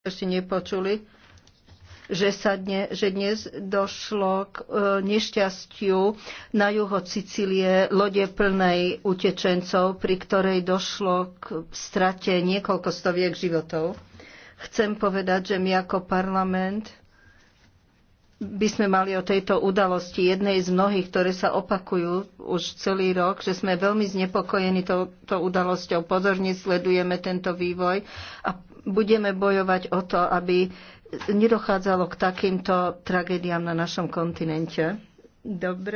ešte nepočuli, že, sa dne, že dnes došlo k e, nešťastiu na juho Sicílie lode plnej utečencov, pri ktorej došlo k strate niekoľko stoviek životov. Chcem povedať, že my ako parlament by sme mali o tejto udalosti, jednej z mnohých, ktoré sa opakujú už celý rok, že sme veľmi znepokojení touto udalosťou, pozorne sledujeme tento vývoj a budeme bojovať o to, aby nedochádzalo k takýmto tragédiám na našom kontinente. Dobre.